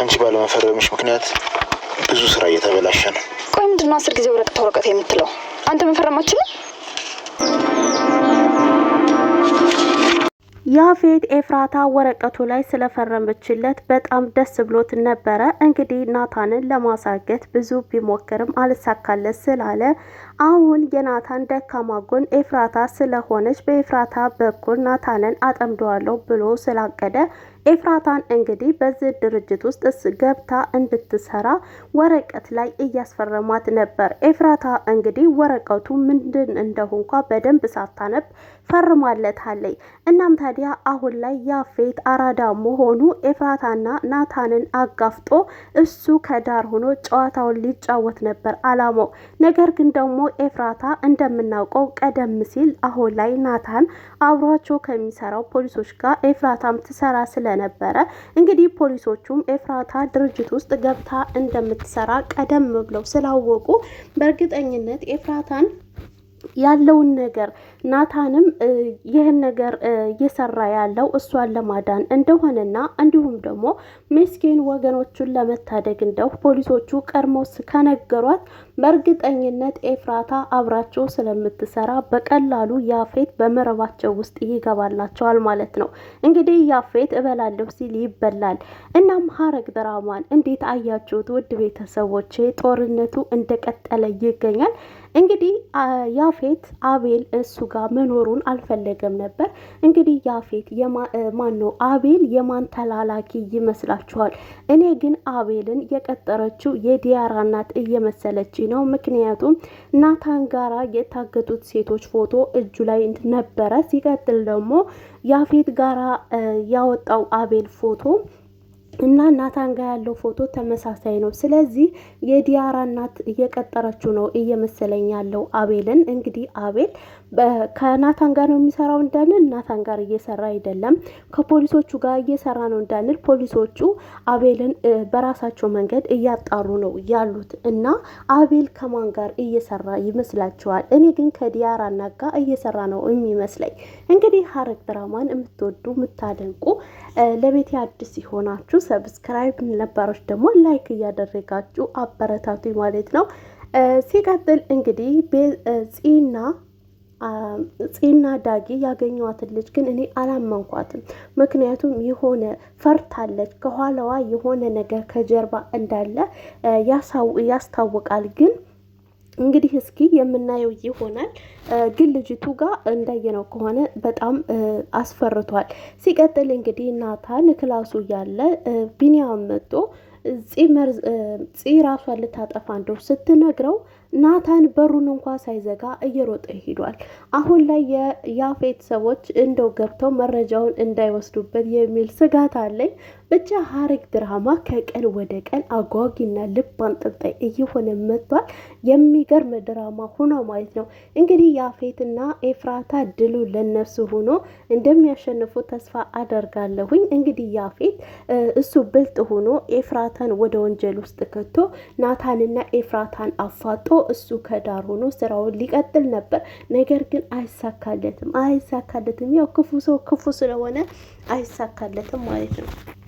አንቺ ባለመፈረምሽ ምክንያት ብዙ ስራ እየተበላሸ ነው። ቆይ ምንድነው አስር ጊዜ ወረቀት ወረቀት የምትለው? አንተ መፈረማችን ያፌት ኤፍራታ ወረቀቱ ላይ ስለፈረመችለት በጣም ደስ ብሎት ነበረ። እንግዲህ ናታንን ለማሳገት ብዙ ቢሞክርም አልሳካለት ስላለ አሁን የናታን ደካማ ጎን ኤፍራታ ስለሆነች በኤፍራታ በኩል ናታንን አጠምደዋለሁ ብሎ ስላቀደ ኤፍራታን እንግዲህ በዚህ ድርጅት ውስጥ እስ ገብታ እንድትሰራ ወረቀት ላይ እያስፈረማት ነበር። ኤፍራታ እንግዲህ ወረቀቱ ምንድን እንደሆንኳ በደንብ ሳታነብ ፈርማለታለይ። እናም ታዲያ አሁን ላይ ያፌት አራዳ መሆኑ ኤፍራታና ናታንን አጋፍጦ እሱ ከዳር ሆኖ ጨዋታውን ሊጫወት ነበር አላማው። ነገር ግን ደግሞ ኤፍራታ እንደምናውቀው ቀደም ሲል አሁን ላይ ናታን አብሯቸው ከሚሰራው ፖሊሶች ጋር ኤፍራታም ትሰራ ስለነበረ እንግዲህ ፖሊሶቹም ኤፍራታ ድርጅት ውስጥ ገብታ እንደምትሰራ ቀደም ብለው ስላወቁ በእርግጠኝነት ኤፍራታን ያለውን ነገር ናታንም ይህን ነገር እየሰራ ያለው እሷን ለማዳን እንደሆነና እንዲሁም ደግሞ ምስኪን ወገኖቹን ለመታደግ እንደው ፖሊሶቹ ቀድሞስ ከነገሯት በእርግጠኝነት ኤፍራታ አብራቸው ስለምትሰራ በቀላሉ ያፌት በመረባቸው ውስጥ ይገባላቸዋል ማለት ነው። እንግዲህ ያፌት እበላለሁ ሲል ይበላል። እናም ሐረግ ድራማን እንዴት አያችሁት ውድ ቤተሰቦቼ? ጦርነቱ እንደቀጠለ ይገኛል። እንግዲህ ያፌት አቤል እሱ ጋር መኖሩን አልፈለገም ነበር። እንግዲህ ያፌት ማን ነው አቤል የማን ተላላኪ ይመስላችኋል? እኔ ግን አቤልን የቀጠረችው የዲያራ እናት እየመሰለች ነው። ምክንያቱም ናታን ጋራ የታገቱት ሴቶች ፎቶ እጁ ላይ ነበረ። ሲቀጥል ደግሞ ያፌት ጋራ ያወጣው አቤል ፎቶ እና ናታን ጋር ያለው ፎቶ ተመሳሳይ ነው። ስለዚህ የዲያራ እናት እየቀጠረችው ነው እየመሰለኝ ያለው አቤልን። እንግዲህ አቤል ከናታን ጋር ነው የሚሰራው እንዳንል ናታን ጋር እየሰራ አይደለም። ከፖሊሶቹ ጋር እየሰራ ነው እንዳንል ፖሊሶቹ አቤልን በራሳቸው መንገድ እያጣሩ ነው ያሉት እና አቤል ከማን ጋር እየሰራ ይመስላችኋል? እኔ ግን ከዲያራ ናጋ እየሰራ ነው የሚመስለኝ። እንግዲህ ሐረግ ድራማን የምትወዱ የምታደንቁ ለቤት አዲስ ሲሆናችሁ ሰብስክራይብ፣ ነባሮች ደግሞ ላይክ እያደረጋችሁ አበረታቱ ማለት ነው። ሲቀጥል እንግዲህ ፂና ጽና ዳጊ ያገኘዋትን ልጅ ግን እኔ አላመንኳትም። ምክንያቱም የሆነ ፈርታለች፣ ከኋላዋ የሆነ ነገር ከጀርባ እንዳለ ያስታውቃል ግን እንግዲህ እስኪ የምናየው ይሆናል። ግን ልጅቱ ጋር እንዳየነው ከሆነ በጣም አስፈርቷል። ሲቀጥል እንግዲህ ናታን ክላሱ ያለ ቢኒያም መጦ ፂ ራሷን ልታጠፋ እንደው ስትነግረው ናታን በሩን እንኳ ሳይዘጋ እየሮጠ ሂዷል። አሁን ላይ የያፌት ሰዎች እንደው ገብተው መረጃውን እንዳይወስዱበት የሚል ስጋት አለኝ። ብቻ ሐረግ ድራማ ከቀን ወደ ቀን አጓጊና ልብ አንጠልጣይ እየሆነ መጥቷል። የሚገርም ድራማ ሆኖ ማለት ነው። እንግዲህ ያፌትና ኤፍራታ ድሉ ለነሱ ሆኖ እንደሚያሸንፉ ተስፋ አደርጋለሁኝ። እንግዲህ ያፌት እሱ ብልጥ ሆኖ ኤፍራታን ወደ ወንጀል ውስጥ ከቶ ናታንና ኤፍራታን አፋጦ እሱ ከዳር ሆኖ ስራውን ሊቀጥል ነበር። ነገር ግን አይሳካለትም አይሳካለትም። ያው ክፉ ሰው ክፉ ስለሆነ አይሳካለትም ማለት ነው።